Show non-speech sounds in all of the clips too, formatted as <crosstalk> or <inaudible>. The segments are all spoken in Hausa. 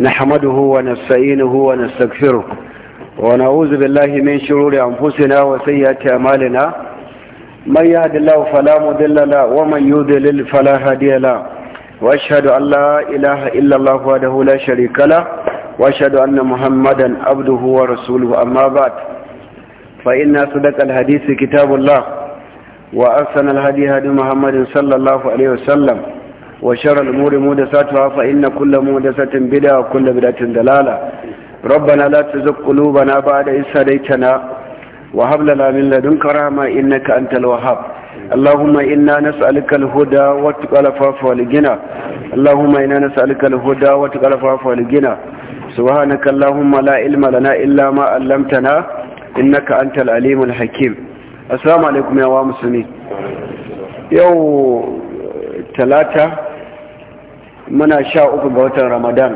نحمده ونستعينه ونستغفره ونعوذ بالله من شرور أنفسنا وسيئات أعمالنا من يهد الله فلا مضل له ومن يضلل فلا هادي له واشهد أن لا إله إلا الله وحده لا شريك له واشهد أن محمدا عبده ورسوله أما بعد فإن صدق الحديث كتاب الله وأحسن الهدي هدي محمد صلى الله عليه وسلم وشر الأمور مودساتها فإن كل مودسة بدعة وكل بدعة دلالة ربنا لا تزغ قلوبنا بعد إذ هديتنا وهب لنا من لدنك رحمة إنك أنت الوهاب اللهم إنا نسألك الهدى والتقى العفاف والغنى اللهم إنا نسألك الهدى والتقى العفاف والغنى سبحانك اللهم لا علم لنا إلا ما علمتنا إنك أنت العليم الحكيم السلام عليكم يا مسلمين يو ثلاثة muna sha uku ga watan ramadan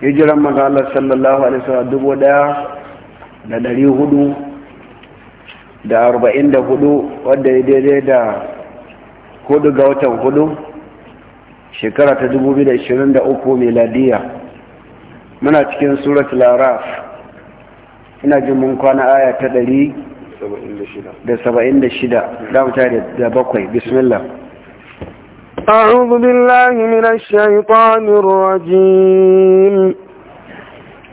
hijiran manzo Allah sallallahu alaihi wasallam dubu daya da dari hudu da arba'in da hudu wadda ya daidai da hudu ga watan hudu shekara ta dubu biyu da ishirin da uku miladiya muna cikin surat laraf ina jin mun kwana aya ta dari da saba'in da shida da bakwai bismillah أعوذ بالله من الشيطان الرجيم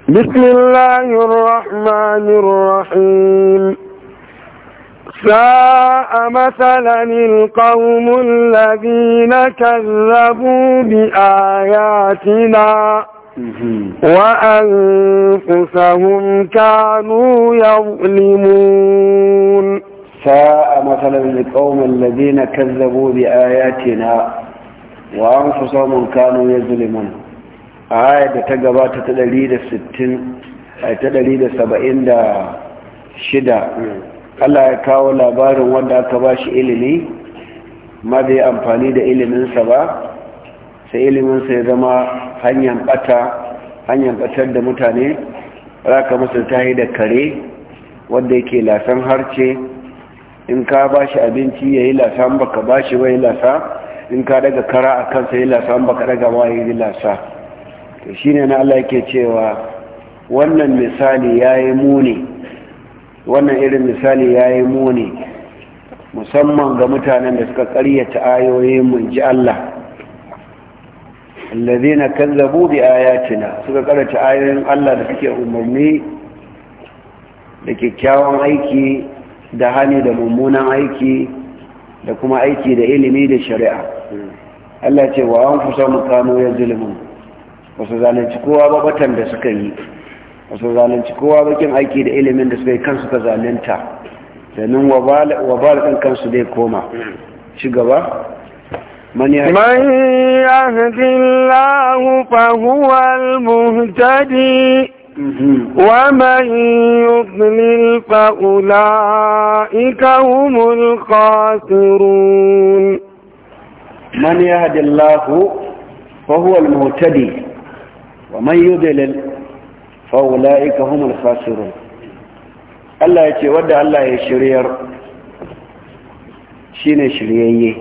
بسم الله الرحمن الرحيم ساء مثلا القوم الذين كذبوا بآياتنا وأنفسهم كانوا يظلمون a ساء مثلا لقوم الذين كذبوا بآياتنا وأنفسهم كانوا يظلمون آية تقبات تدليل الستين آية تدليل السبعين da shida. Allah ya kawo labarin wanda aka ba shi ilimi ma bai amfani da iliminsa ba sai iliminsa ya zama hanyar bata hanyar batar da mutane raka masa tahi da kare wanda yake lasan harce in ka ba shi abinci ya yi lasa in baka ba shi wai lasa in ka daga kara a kansa ya yi lasa in baka daga ma yi lasa to shi ne na Allah yake cewa wannan misali ya yi muni wannan irin misali ya yi muni musamman ga mutanen da suka karyata ayoyin mun ji Allah kan kazzabu bi ayatina suka karyata ayoyin Allah da suke umarni da kyakkyawan aiki da hani da mummunan aiki da kuma aiki da ilimi da shari'a Allah ce wa an kusa mu ya zulmin wasu zalunci kowa ba batan da suka yi wasu zalunci kowa bakin aiki da ilimin da suka yi kansu ka zalunta sannan da kansu dai koma ci gaba من يهدي الله فهو المهتدي ومن يضلل فأولئك هم الخاسرون من يهد الله فهو المهتدي ومن يضلل فأولئك هم الخاسرون الله يتي الله يشرير شين shiryayye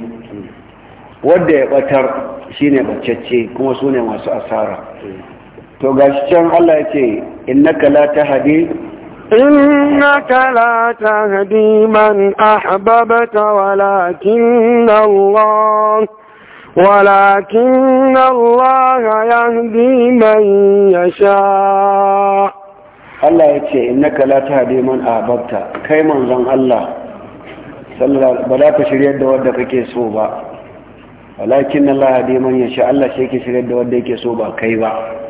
wadda وتر شين بچتشي كما kuma su ne to gashi can Allah ya ce innaka la tahdi innaka la tahdi man ahbabta walakin Allah ya الله يهدي من يشاء Allah ya ce innaka la tahdi man ahbabta kai manzon Allah sallallahu ba za ka shiryar da wanda kake so ba walakin Allah ya man yasha Allah shi yake shiryar da wanda yake so ba kai ba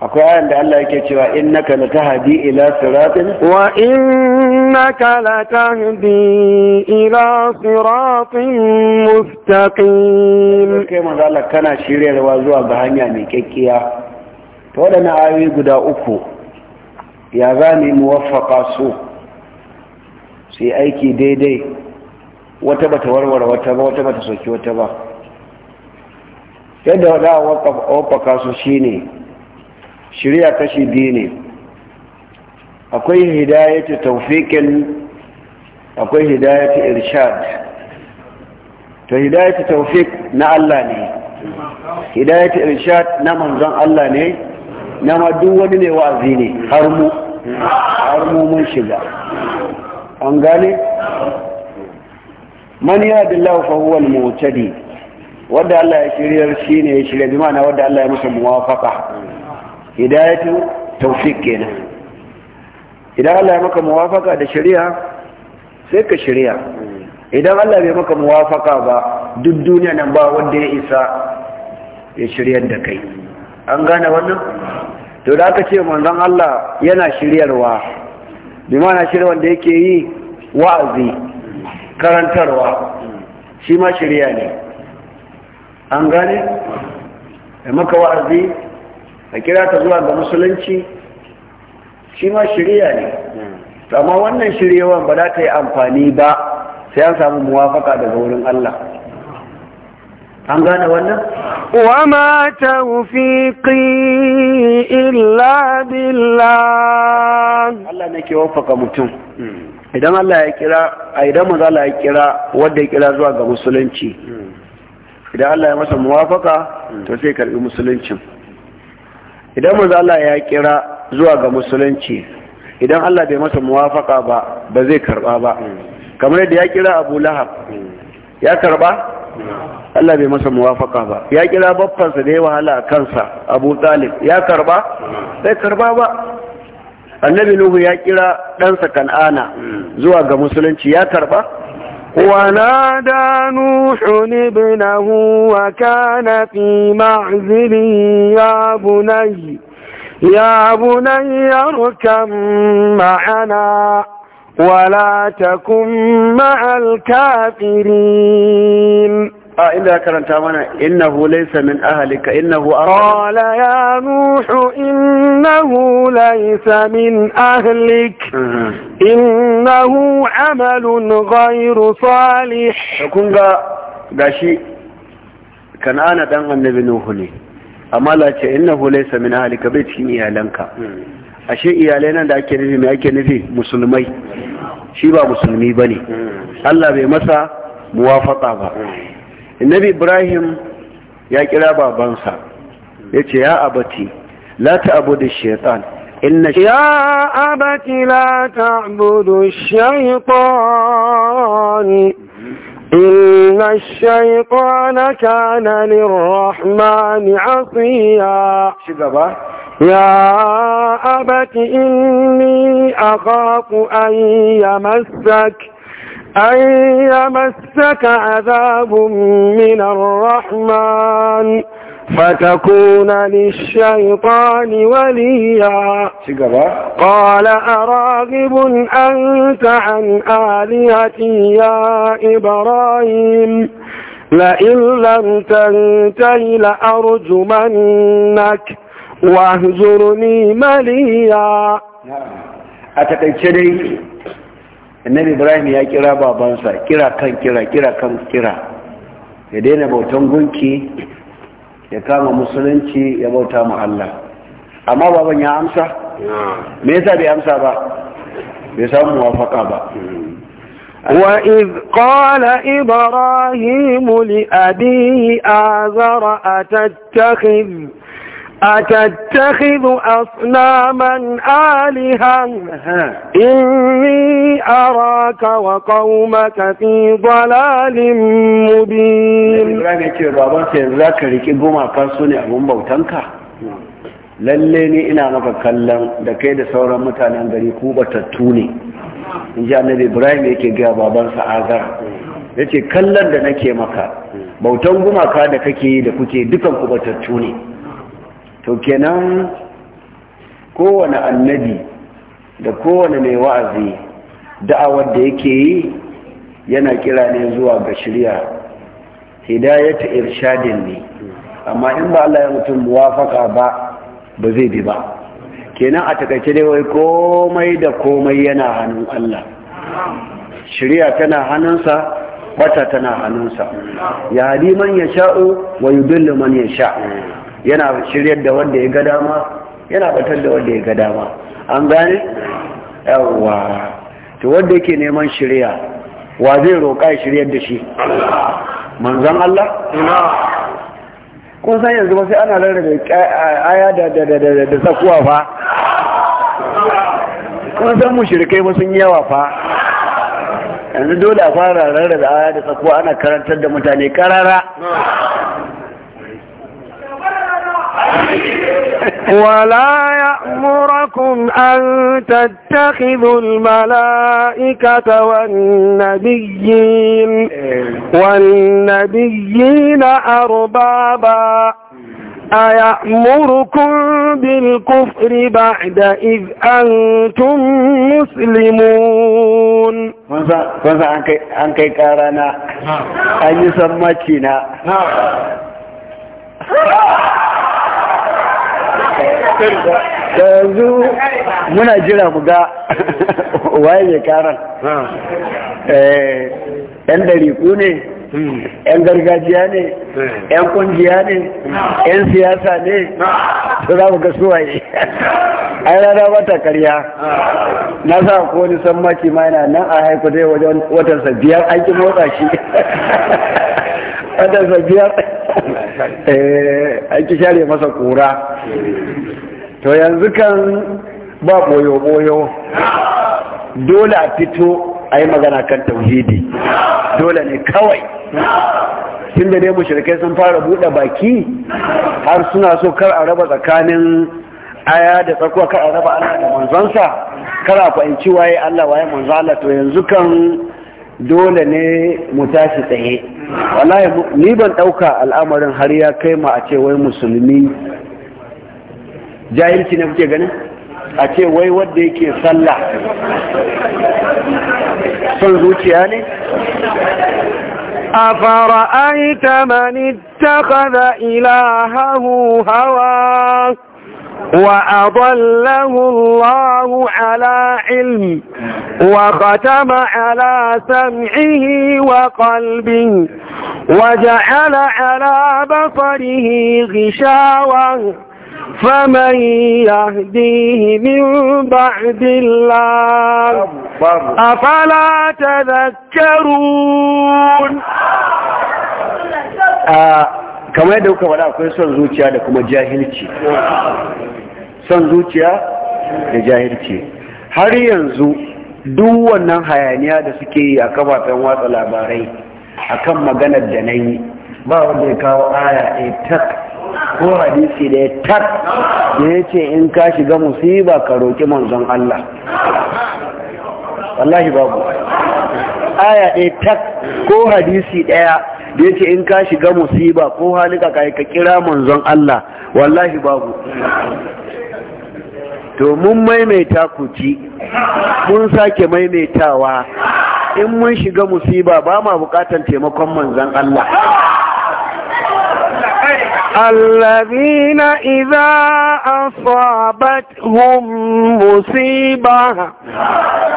akwai ayan da Allah yake cewa innaka latahdi ila siratin wa innaka latahdi ila siratin mustaqim kai manzo Allah kana shiryarwa zuwa ga hanya mai kekkiya to wadannan ayoyi guda uku ya zani muwaffaqa su su yi aiki daidai wata bata warware wata ba wata bata soki wata ba yadda wada waffaka su shine shirya kashi biyu ne akwai hidayatu Taufikin, akwai hidayatu irshad to hidayatu Taufik na Allah ne hidayatu irshad na manzon Allah ne na ma duk wani ne wa'azi ne har mu har mu mun shiga an gane man yahdillahu fa huwa al-muhtadi wanda Allah ya shiryar shine ya shirya bi ma'ana wanda Allah ya masa muwafaqa hidayatu tawfiq kenan idan Allah ya maka muwafaka da shari'a sai ka shari'a idan Allah bai maka muwafaka ba duk duniya nan ba wanda ya isa ya shiryar da kai an gane wannan to da aka ce manzon Allah yana shiryarwa bi mana shirya wanda yake yi wa'azi karantarwa shi ma shirya ne an gane maka wa'azi a kira ta zuwa ga musulunci shi ma shirya ne hmm. amma wannan shiryawan ba za ta yi amfani ba sai an samu muwafaka daga wurin Allah an gane wannan wama tawfiqi illa billah Allah ke wafaka mutum hmm. idan Allah ya kira a idan manzo Allah ya kira wanda ya kira zuwa ga musulunci hmm. idan Allah ya masa muwafaka to sai karɓi musuluncin idan manzo Allah ya kira zuwa ga musulunci idan Allah bai masa muwafaka ba ba zai karba ba kamar yadda ya kira Abu Lahab ya karba Allah bai masa muwafaka ba ya kira baffansa da ya wahala a kansa Abu Talib ya karba bai karba ba annabi Nuhu ya kira ɗansa Kan'ana zuwa ga musulunci ya karba ونادى نوح ابنه وكان في معزل يا بني يا بني اركب معنا ولا تكن مع الكافرين In inda ya karanta mana innahu laysa min ahlika innahu ya nuhu innahu laysa min ahlik innahu amalun ghayru salih kun ga gashi kan'ana dan annabi nuhu ne amma la ce innahu laysa min ahlika bai cikin iyalanka ashe iyalai nan da ake nufi mai ake nufi musulmai shi ba musulmi bane Allah bai masa muwafaka ba Nabi Ibrahim ya kira babansa ya ce, Ya abati, la ta abu da shaitan. ya abati la ta abu da shaitan. Inna shaitan ka na lirrahman asiya. Shi gaba? Ya abati inni akhaku an yi أن يمسك عذاب من الرحمن فتكون للشيطان وليا قال أراغب أنت عن آلهتي يا إبراهيم لئن لم تنتهي لأرجمنك واهجرني مليا نعم. أتقيت شدي annabi ibrahim ya kira babansa kira kan kira kira kan kira ya daina bautan gunki ya kama musulunci ya bauta mu Allah amma baban ya amsa me yasa bai amsa ba bai samu muwafaka ba وإذ قال إبراهيم لأبيه آذر أتتخذ أتتخذ أصناما آلهة إني أراك وقومك في ضلال مبين lalle ni ina maka kallon da kai da sauran mutanen gari ku batattu ne in ji annabi ibrahim yake gaya babansa azar yace kallon da nake maka bautan gumaka da kake yi da kuke dukan ku batattu ne to kenan kowane annabi da kowane mai wa'azi da'awar da yake yi yana kira ne zuwa ga shirya hidayata irshadin ne amma in ba Allah ya mutum muwafaka ba ba zai bi ba kenan a takaice dai wai komai da komai yana hannun Allah shirya tana hannunsa bata tana hannunsa ya hadi man ya sha'u wa yudillu man ya sha'u yana shiryar da wanda ya ga dama yana batar da wanda ya ga dama an gane yawwa to wanda yake neman shirya wa zai roƙa ya shiryar da shi manzon Allah kun san yanzu ba sai ana rarrabe aya da da da tsakuwa fa kun san mu ba sun yawa fa yanzu dole a fara rarrabe aya da tsakuwa ana karantar da mutane karara ولا يأمركم أن تتخذوا الملائكة والنبيين والنبيين أربابا أيأمركم بالكفر بعد إذ أنتم مسلمون kun أنكي كارانا نعم. أن يسمى na da yanzu muna jira mu ga waye mai karan eh, yan dariku ne hmm. yan gargajiya ne hmm. yan kungiya ne yan siyasa ne su za mu ga suwaye ai rana wata karya na sa ko ni san maki ma yana nan a haiku dai wajen watan sabiyar aikin motsa shi <laughs> watansa biyar eh an ki share masa kura to yanzu kan ba boyo boyo dole a fito a yi magana kan tauhidi dole ne kawai tun da dai mushrikai sun fara buɗe baki har suna so kar a raba tsakanin aya da tsakuwa kar a raba ana da manzansa kar a fahimci waye Allah waye manzala to yanzu kan dole ne mu tashi tsaye wallahi ni ban ɗauka al'amarin har ya kai ma a ce wai musulmi jahilci ne kuke ganin a ce wai wanda yake sallah son zuciya ne أفرأيت من اتخذ إلهه هواه وأضله الله ala ilmi وختم على سمعه وقلبه وجعل على بصره غشاوة فمن يهديه من بعد الله أفلا تذكرون آه، كما يدوك ولا أقول سن زوجيا لكم جاهلتي سن زوجيا لجاهلتي هريا duk wannan hayaniya da suke yi a kafafen watsa labarai a kan maganar da na yi ba wanda ya kawo aya a tak ko hadisi da ya tak da ya ce in ka shiga musiba ka roƙi manzon Allah wallahi babu aya a tak ko hadisi ɗaya da ya ce in ka shiga musiba ko halika ka ka kira manzon Allah wallahi babu to mun maimaita ku ci mun sake maimaitawa in mun shiga musiba ba ma bukatan taimakon manzan Allah الذين إذا أصابتهم مصيبة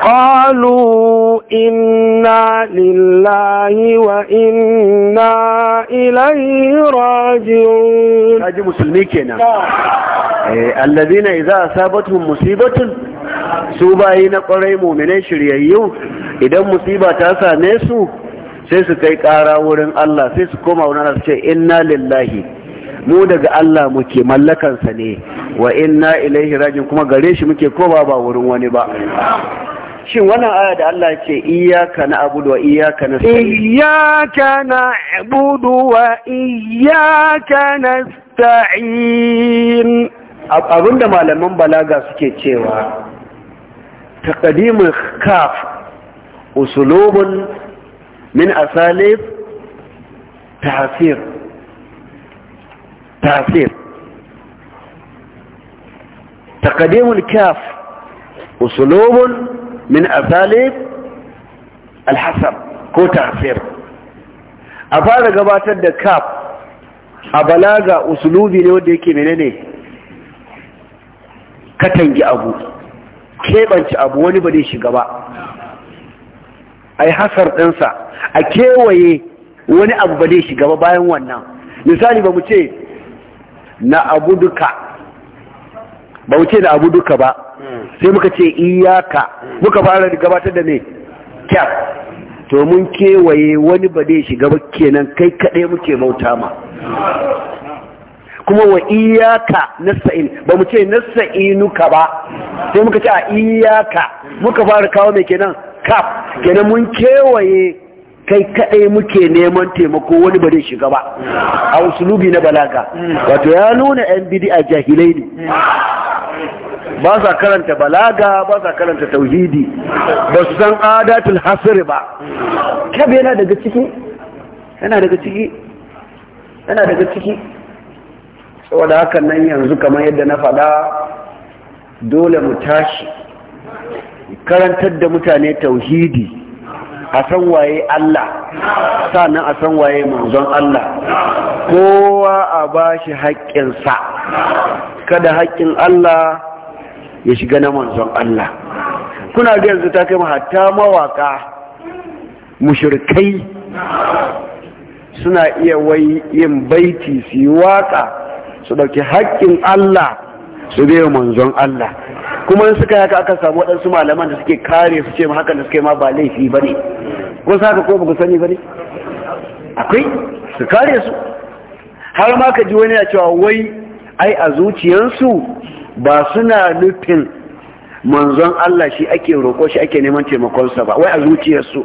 قالوا إنا لله وإنا إليه راجعون هذه مسلمين كنا الذين إذا أصابتهم مصيبة سوباين قريموا من شريعيو إذا مصيبة تاسا نسو sai su kai ƙara wurin Allah sai su koma wurin Allah su ce inna lillahi mu daga Allah muke mallakansa ne wa inna ilaihi rajiun kuma gare shi muke ko ba wurin wani ba shin wannan aya da Allah ce iyyaka na'budu wa iyyaka nasta'in iyyaka na'budu wa iyyaka nasta'in abinda malaman balaga suke cewa taqdimul kaf usulubun min asalib ta'sir تاثير min الكاف اسلوب من اساليب الحسب كو تاثير افاد غباتر ده كاف ابلاغا اسلوبي ne wanda yake menene katangi abu kebanci abu wani ba dai shiga ba ai hasar dinsa a kewaye wani abu ba dai shiga ba bayan wannan misali ba mu ce na abu duka ba wuce na abu ba sai muka ce iyaka muka fara gabatar da ne kyaf to mun kewaye wani ba zai shiga ba kenan kai kaɗai muke bauta ma kuma wa iyaka nasa'in ba mu ce nasa'inuka ba sai muka ce a iyaka muka fara kawo mai kenan kaf kenan mun kewaye kai kadai muke neman taimako wani ba shiga ba a usulubi na balaga wato ya nuna yan bidi'a jahilai ne ba sa karanta balaga ba sa karanta tauhidi ba su san adatul hasr ba kabe yana daga ciki yana daga ciki yana daga ciki saboda hakan nan yanzu kamar yadda na faɗa dole mu tashi karantar da mutane tauhidi a san waye Allah sannan a san waye manzon Allah kowa a ba shi sa, kada haƙƙin Allah ya shiga na manzon Allah kuna ga yanzu ta kai hatta mawaka mushrikai suna iya wai yin baiti su yi waka su ɗauki haƙƙin Allah su biyo manzon Allah kuma suka yaka aka samu waɗansu malaman da suke kare su ce ma hakan da suke ma ba laifi ba ne kun saka ko ba ku sani ba ne akwai su kare su har ma ka ji wani ya cewa wai ai a zuciyarsu ba suna nufin manzon Allah shi ake roƙo shi ake neman taimakonsa ba wai a zuciyarsu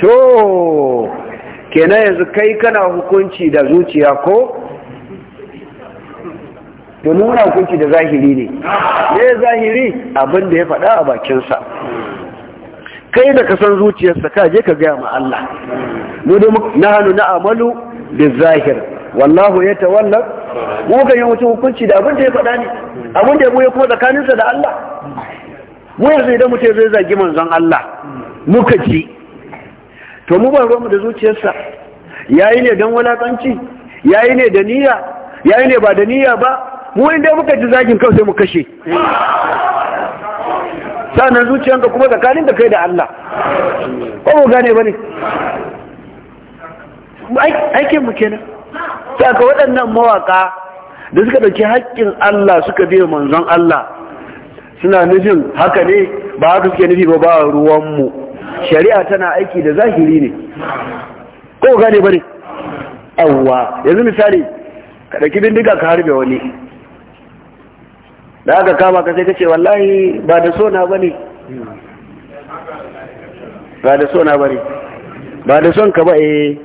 to kenan yanzu kai kana hukunci da zuciya ko to nuna hukunci da zahiri ne ne zahiri abin da ya faɗa a bakinsa kai da ka san zuciyarsa ka je ka gaya ma Allah mu da na hannu na amalu da zahir wallahu ya tawalla mu ga yi mutum hukunci da abin da ya faɗa ne abin da ya buya kuma tsakaninsa da Allah mu yanzu idan mutum zai zagi manzon Allah muka ji to mu ba mu da zuciyarsa yayi ne dan walakanci yayi ne da niyya yayi ne ba da niyya ba mu inda muka ji zagin kawai sai mu kashe sanan zuciyanka kuma tsakanin da kai da Allah ko mu gane bane aikin mu kenan saka waɗannan mawaka da suka ɗauki haƙƙin Allah suka biya manzon Allah suna nufin haka ne ba haka suke nufi ba ba ruwan mu shari'a tana aiki da zahiri ne ko gane bane awwa yanzu misali ka ɗauki bindiga ka harbe wani da aka kama ka sai ka ce wallahi ba da so na bane ba da so na bane ba da son ka ba eh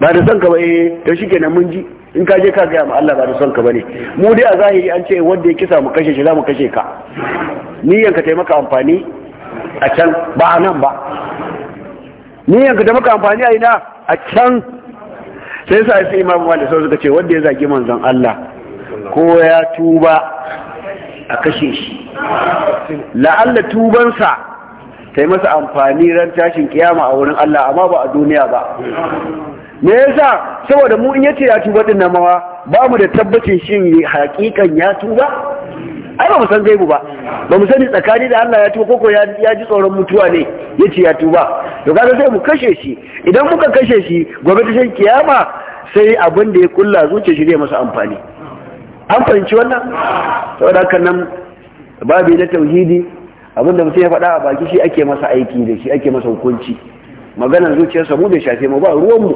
ba da son ka ba eh to shikenan mun ji in ka je ka gaya ma Allah ba da son ka bane mu dai a zahiri an ce wanda ya kisa mu kashe shi za mu kashe ka niyan ka taimaka amfani a can ba a nan ba niyan ka taimaka amfani a ina a can sai sa sai imamu da sau suka ce wanda ya zagi manzon Allah ko ya tuba a kashe shi la'alla tubansa ta yi masa amfani ran tashin kiyama a wurin Allah amma ba a duniya ba me yasa saboda mu in yace ya tuba din nan mawa ba mu da tabbacin shin hakikan ya tuba ai ba mu san gaibu ba ba mu sani tsakani da Allah ya tuba koko ya ji tsoron mutuwa ne yace ya tuba to kaga sai mu kashe shi idan muka kashe shi gobe ta shan kiyama sai abin da ya kulla zuciya shi zai masa amfani an fahimci wannan saboda haka nan babi na tauhidi abinda mutum ya faɗa a baki shi ake masa aiki da shi ake masa hukunci maganar zuciyarsa mu bai shafe mu ba ruwan mu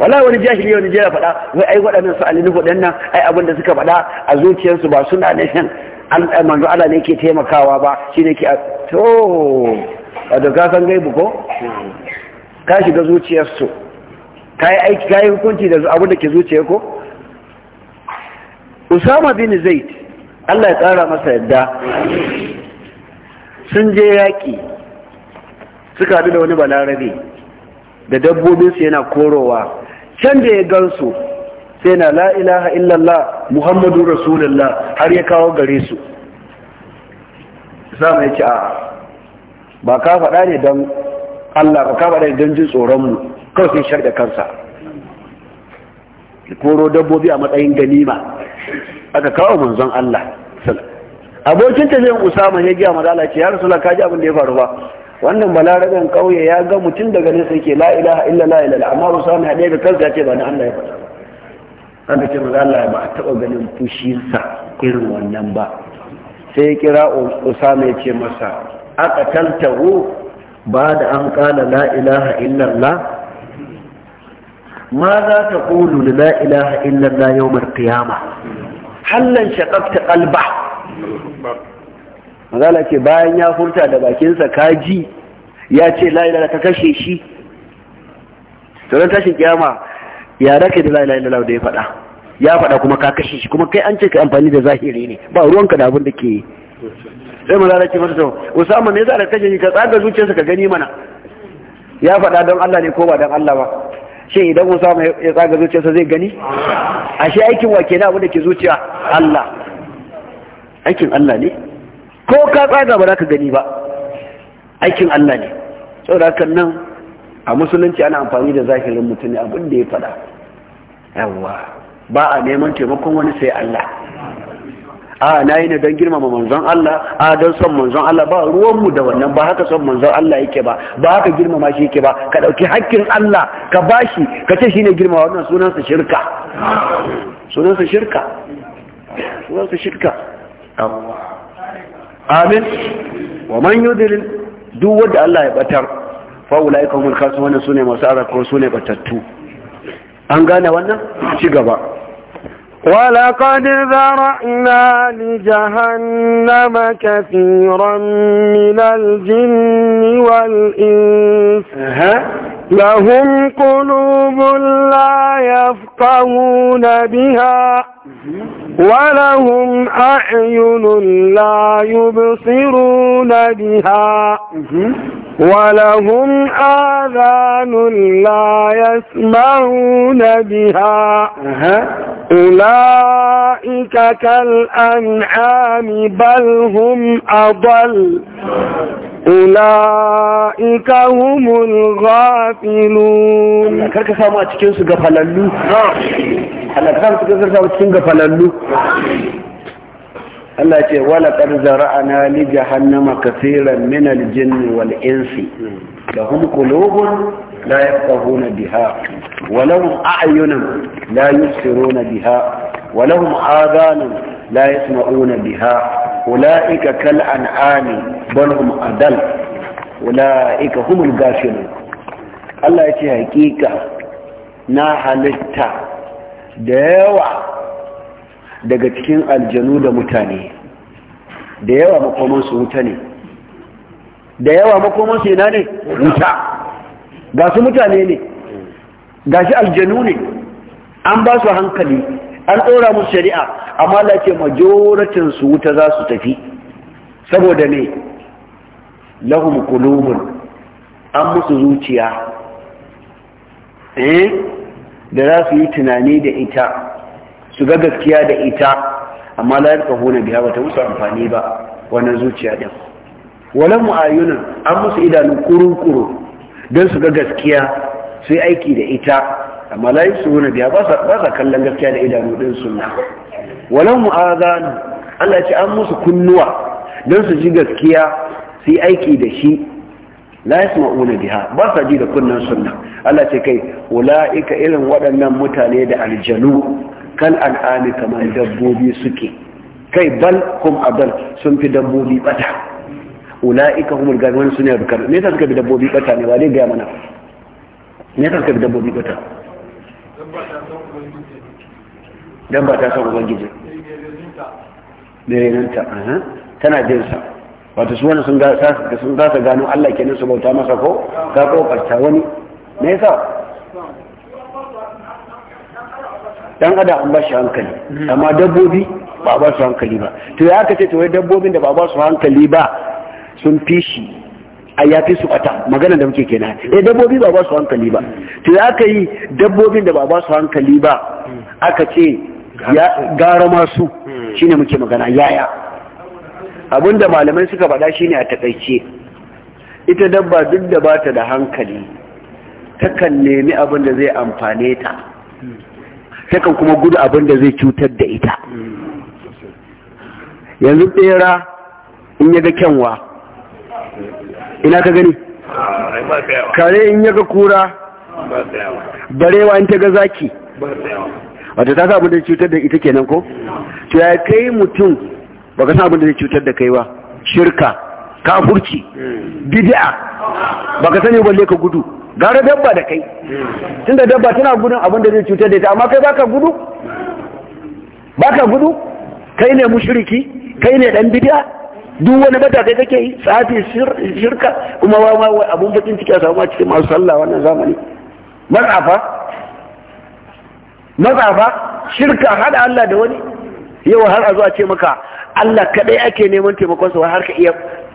wala wani jahili wani jaya faɗa wai ai waɗannan su alinu waɗannan ai abin da suka faɗa a zuciyarsu ba suna da shan eh, manzo Allah ne ke taimakawa ba shi ne ke to wato ka san gaibu ko ka shiga zuciyarsu ka yi aiki ka yi hukunci da abin da ke zuciya ko usama bin zaid Allah ya tsara masa yadda sun je yaƙi suka bi da wani balarabe da dabbobinsu yana korowa can da ya gansu sai na la ilaha illallah muhammadu rasulullah har ya kawo gare su sama ya ci a ba ka faɗa ne don Allah ba ka faɗa ne don jin tsoronmu kawai sai shar da kansa koro dabbobi a matsayin ganima aka kawo manzon Allah abokin tafiyan usama ya gaya mazala ce ya rasu ka ji abin da ya faru ba wannan balaraben kauye ya ga mutum daga nesa yake la ilaha illa la ilaha amma usama ya da kansa ya ce ba na Allah ya faɗa an ce maza Allah ba a taɓa ganin fushinsa irin wannan ba sai ya kira usama ya ce masa aka tantahu ba da an kala la ilaha la. ma za لا إله da la يوم القيامة هل mar kiyama hallan shaƙafta ƙalba mazala ce bayan ya furta da bakinsa kaji ya ce la ilaha ka kashe shi sauran tashin kiyama ya da la فتا illallah da ya faɗa ya faɗa kuma ka kashe shi kuma kai an sai mu ce masa to usama ne yasa da kashe shi ka tsaga zuciyarsa ka gani mana ya faɗa don Allah ne ko ba don Allah ba Shi idan Musa mai ya tsaga zuciyarsa zai gani ashe aikin wa ke abu da ke zuciya Allah aikin Allah ne ko ka tsaga ba za ka gani ba aikin Allah ne saboda hakan nan a musulunci ana amfani da zahirin mutum ne abin da ya faɗa yawwa ba a neman taimakon wani sai Allah a na yi ne don girmama manzon Allah a don son manzon Allah ba ruwanmu da wannan ba haka son manzon Allah yake ba ba haka girmama shi yake ba ka ɗauki hakkin Allah ka bashi ka ce shi ne girmama wannan sunansa shirka sunansa shirka sunansa shirka amin wa man yudlil duk wanda Allah ya batar fa ulaika humul khasirun sune masu arakon sune batattu an gane wannan ci gaba ولقد ذرأنا لجهنم كثيرا من الجن والإنس لهم قلوب لا يفقهون بها ولهم أعين لا يبصرون بها ولهم آذان لا يسمعون بها أولئك كالأنعام بل هم أضل أولئك هم الغافلون سامع سقف سقف Allah ce wala qad zara'na li jahannama kaseeran min al-jinni wal insi lahum qulubun la yafqahuna biha wa lahum a'yunun la yubsiruna biha wa lahum adhanun la yasma'una biha أولئك كالأنعام بل هم أدل أولئك هم الغافلون الله يتي حقيقة نا حلتا ديوة daga cikin aljanu da mutane da yawa makomansu wuta ne da yawa makomansu yana ne wuta ga su mutane ne ga shi aljanu ne an ba su hankali an tsora musu shari'a amma lafiya su wuta za su tafi saboda ne lahum kulubun an musu zuciya eh da za su yi tunani da ita su ga gaskiya da ita amma la ka hona biya bata musu amfani ba wannan zuciya din wala mu'ayyunan an musu idanun kurukuru don su ga gaskiya su yi aiki da ita amma la su hona biya ba sa kallon gaskiya da idanu din sunna wala mu'azan Allah ya ce an musu kunnuwa don su ji gaskiya su yi aiki da shi la yasma'una biya ba sa ji da kunnan sunna Allah ce kai ulaika irin waɗannan mutane da aljanu kal an'ami kamar dabbobi suke kai bal kum abal sun fi dabbobi bata ula'ika humul gabiwan su ne bukar me ta suka fi dabbobi bata ne ba dai gaya mana me ta suka fi dabbobi bata dan ba ta san ubangiji da renanta tana jinsa wato su wani sun gasa gano Allah kenan su bauta masa ko ka kokarta wani me yasa dan adam an ba shi hankali hmm. amma dabbobi ba ba su hankali ba to ya aka ce to wai dabbobin da ba ba su hankali ba sun fi shi a ya fi su bata magana da muke kenan eh dabbobi ba ba su hankali ba to ya aka yi dabbobin da ba ba su hankali ba hmm. aka ce ya gara masu hmm. shine muke magana yaya abinda malamai suka faɗa shine a takaice ita dabba duk da bata da hankali takan nemi abin da zai amfane ta takan kuma gudu abin da zai cutar da ita yanzu tsera in yaga kyanwa ina ka gani kare in yaga kura barewa in ta ga zaki wata ta abin da cutar da ita kenan ko? to ya kai mutum baka san abin da zai cutar da kai ba shirka kafurci bid'a baka sani balle ka gudu gara dabba da kai tunda dabba tana gudun abin da zai cutar da ita amma kai baka gudu baka gudu kai ne mushriki kai ne dan bid'a duk wani bata kai kake yi safi shirka kuma wa ma abun bakin ciki a samu a cikin masu sallah wannan zamani matsafa matsafa shirka hada Allah da wani yau har a zuwa ce maka Allah kadai ake neman taimakon sa har ka iya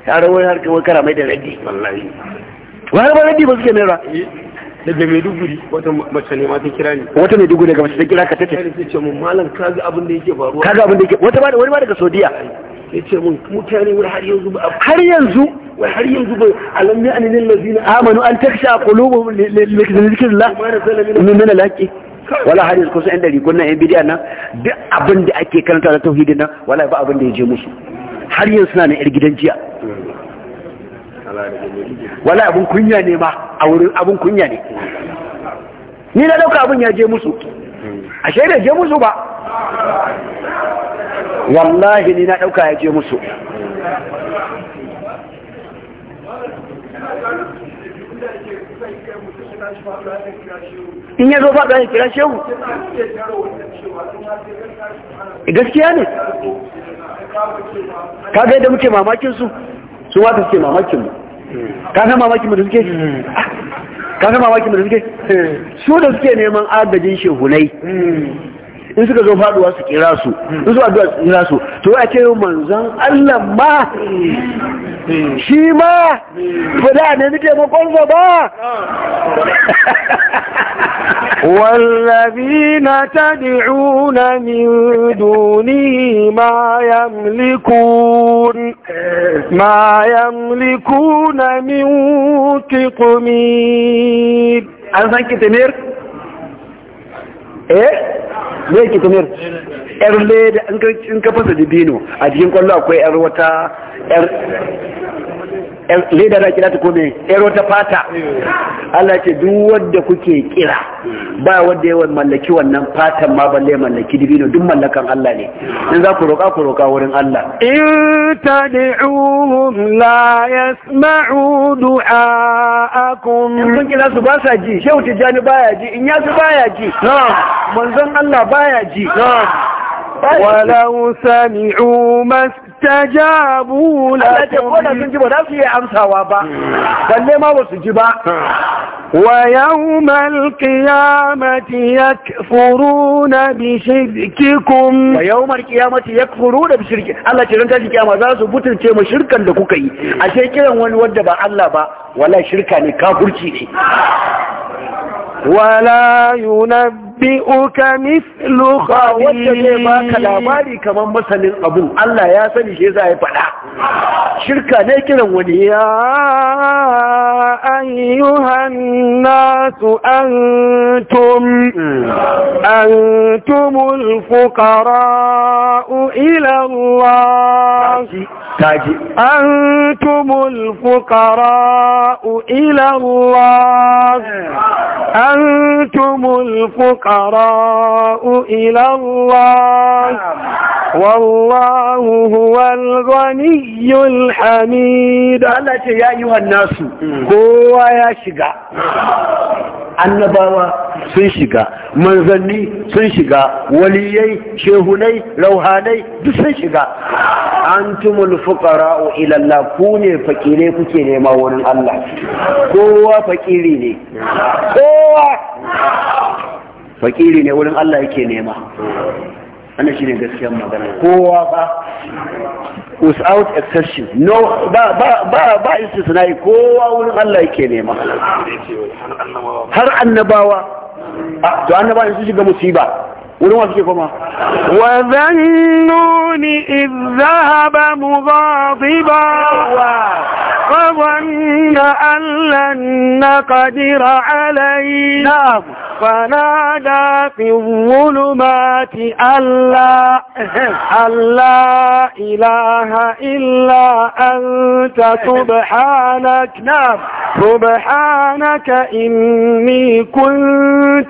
tare wani harkar wani kara mai da raddi wallahi wani ba raddi ba suke naira eh, daga maiduguri wata mace ne mata kira ne wata maiduguri daga mace ta kira ka ta ce ce mun malam kaga abin da yake faruwa kaga abin da yake wata ba wani ba daga saudiya ya ce mun mutane wani har yanzu ba har yanzu wai har yanzu ba alam ya anil ladina amanu an taksha qulubuhum li zikrillah min min alaqi wala har kusa yan dari yan bidiya nan duk abin da ake karanta da tauhidin nan wala ba abin da ya je musu har yanzu suna na yar gidan jiya wala abin kunya ne ma a wurin abin kunya ne ni na dauka abin ya je musu a shaida je musu ba wallahi ni na dauka ya je musu in ya zo faɗa ya kira shehu gaskiya ne kaga yadda muke mamakin su su mata suke mamakin mu ka mamakin mu da suke hmm. ka mamakin mu da suke hmm. su da suke neman agajin shehunai hmm. in suka zo faduwa su kira su in su addu'a su kira su to ya ce manzon Allah ma shi ma da ne nake makonsa ba والذين تدعون من دونه ما يملكون ما يملكون من قطمير أنسان كتمير إيه ne ki kamar yar leda in ka fasa dibino a jikin kwallo akwai yar wata yar leda na kira ta kome ero ta fata Allah ce duk wanda kuke kira ba wanda yawan mallaki wannan fatan ma balle mallaki dibino duk mallakan Allah ne in za ku roƙa ku roƙa wurin Allah in tad'uhum la yasma'u du'aakum in kun kira su ba sa ji shehu tijani baya ji in ya su baya ji manzon Allah baya ji ولو سمعوا ما Tajabu fastajabu lakum ko da sun ji ba za su yi amsawa ba balle ma ba su ji ba wa yawmal qiyamati yakfuruna bi shirkikum wa yawmal qiyamati yakfuruna bi shirki Allah ce ran tashi kiyama za su butulce mu shirkan da kuka yi ashe kiran wani wanda ba Allah ba wala shirka ne kafirci ne wala yunab yunabbi'uka mithlu khabir wanda zai baka labari kamar masanin abu. Allah ya sani shi yasa ya faɗa shirka ne kiran wani ya ayyuhan nasu antum hmm. antumul fuqara'u ila Allah الفقراء إلى الله والله هو الغني الحميد الله يا أيها الناس هو يا شقا annabawa sun shiga manzanni sun shiga waliyai shehunai rauhanai duk sun shiga antumul fuqara'u ila Allah ku ne fakire kuke nema wurin Allah kowa fakiri ne kowa fakiri ne wurin Allah yake nema ana shi ne gaskiyar magana kowa ba without exception no ba ba ba ba istisnai kowa wurin Allah yake nema har annabawa ah, to annabawa sun shiga musiba wurin wasu ke koma zannuni idh dhahaba mughadiba فظن أن لن نقدر علينا نعم. فنادى في الظلمات أن لا إله إلا أنت سبحانك نعم سبحانك إني كنت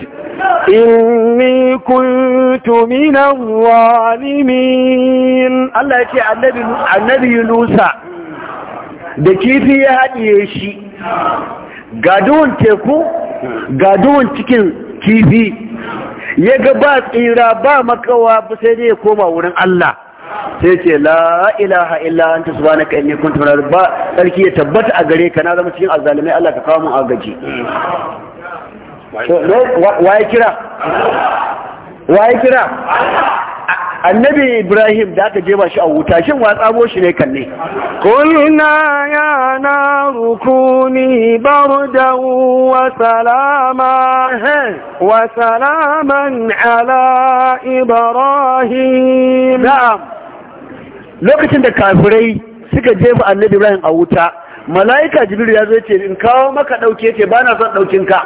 إني كنت من الظالمين الله يتي النبي النبي يونس da kifi ya haɗiye shi Gaduwan teku gaduwan cikin kifi ya ga ba tsira ba makawa sai dai ya koma wurin Allah sai ce la ilaha illa na subhanaka ne kun tunar ba sarki ya tabbata a gare ka na zama cikin azalimai Allah ka kawo mun agaji waye kira waye kira annabi ibrahim da aka jefa shi a wuta shin wa tsamo shi ne kalle kulna ya na rukuni bardan wa salama wa salaman ala ibrahim na'am lokacin da kafirai suka jefa annabi ibrahim a wuta mala'ika jibril ya zo ce in kawo maka dauke ce ba na son daukin ka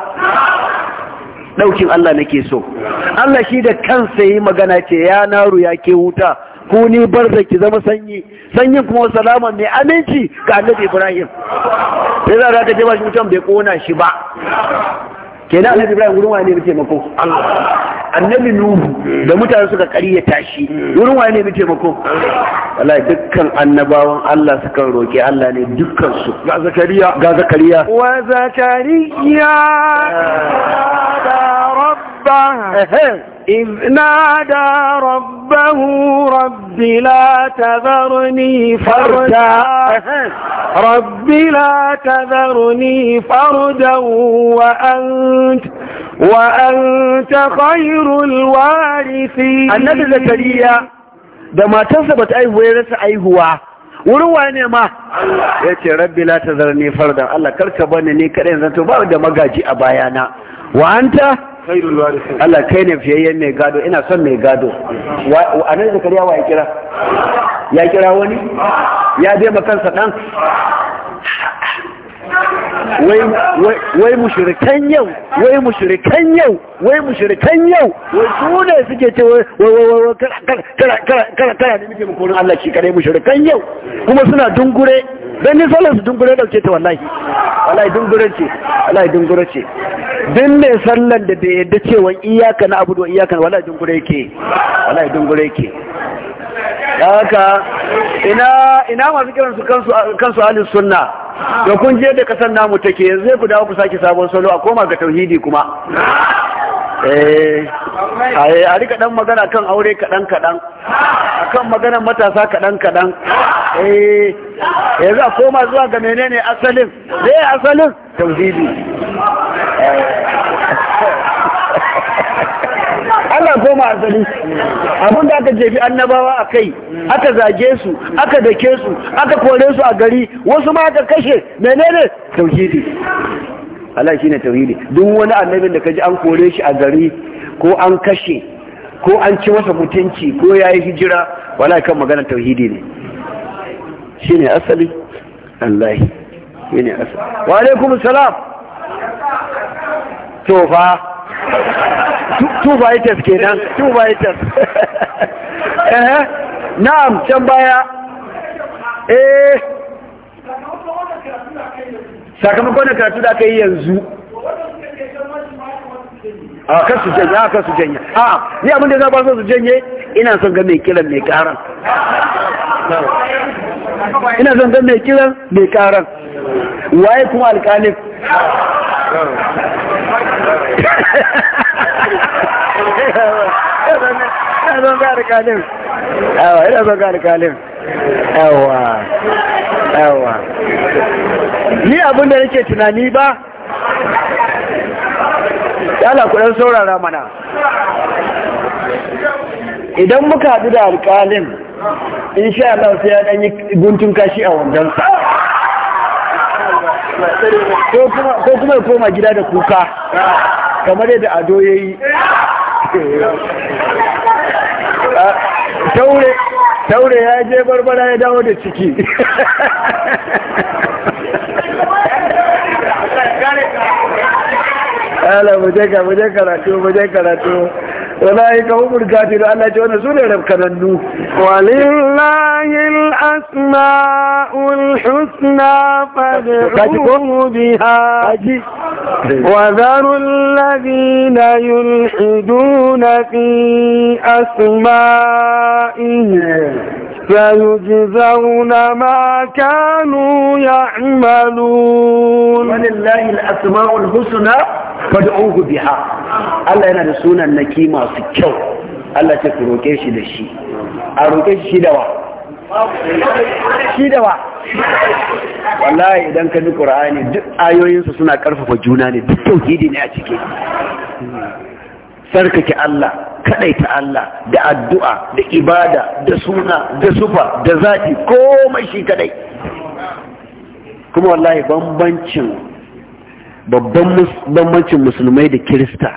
ɗaukin Allah nake so Allah shi da kansa yi magana ce ya naru ya ke wuta ku ni barza ki zama sanyi sanyin kuma salama mai aminci ga annabi Ibrahim sai za ka ce ba mutum bai kona shi ba kenan annabi ibrahim wurin wane ne taimako Allah annabi nuhu da mutane suka kari ya tashi. wurin wane ne taimako Allah dukkan annabawan Allah suka roƙi Allah ne dukkan su ga zakariya ga zakariya wa zakariya ah. الله إذ نادى ربه رب لا تذرني فردا رب لا تذرني فردا وأنت وأنت خير الوارثين النبي زكريا da matarsa bata aihu ya rasa aihuwa wurin wane ma ya ce rabbi la ta zarni fardan Allah karka bane ni kadai zan to ba da magaji a bayana wa anta Allah kai ne fiyayyen mai gado ina son mai gado a nan zakariya wa ya kira ya kira wani ya dai kansa dan wai mushirikan yau wai mushirikan yau wai mushirikan yau wai su ne suke ce wai wai kara kara ne muke mukonin Allah shi kare mushirikan yau kuma suna dungure don ni sallar su dungure dauke ta wallahi wallahi dungure ce wallahi dungure ce din ne sallar da da yadda cewa iyaka na abu da iyaka wallahi dungure yake wallahi dungure yake haka ina ina masu kiran su kansu kansu ahlus sunna to kun je da kasan namu take yanzu zai ku dawo ku saki sabon salo a koma ga tauhidi kuma eh a rika dan magana kan aure kadan kadan akan magana matasa kadan kadan eh yanzu a koma zuwa ga menene asalin eh asalin tauhidi eh. <laughs> koma asali abin da aka jefi annabawa a kai aka zage su aka dake su aka kore su a gari wasu ma aka kashe menene tauhidi Allah shine tauhidi duk wani annabin da kaji an kore shi a gari ko an kashe ko an ci masa mutunci ko yayi hijira wala kan magana tauhidi ne shine asali Allah shine asali wa alaikum salam "Tofa." two vitals kenan two vitals <laughs> eh na'am can baya eh sakamakon da karatu da aka yi yanzu a kan su janye a kan su janye a ni abin da za ba su janye ina son ga mai kiran mai karan ina son ga mai kiran mai karan waye kuma alkalif <laughs> ina kalim yawa yawa ni abinda nake tunani ba yana kudin saurara mana idan muka haɗu da alƙalin sha Allah sai ya yi guntun kashi a wandansa ko kuma ya koma gida da kuka kamar yadda ado ya yi taure ya je barbara ya dawo da ciki ala karatu karatu أولئك هم الكافرون الله جوانا سورة ربكننو ولله الأسماء الحسنى فادعوه بها وذروا الذين يلحدون في أسمائه سيجزون ما كانوا يعملون ولله الأسماء الحسنى fad'uhu biha Allah yana da sunan naki masu kyau Allah ce ku roke shi da shi a roke shi da wa shi da wa wallahi idan ka ji qur'ani duk ayoyinsu suna karfafa juna ne duk tauhidi ne a ciki sarkake Allah kadaita Allah da addu'a da ibada da suna da sufa da zati komai shi kadai kuma wallahi bambancin babban bambancin musulmai da kirista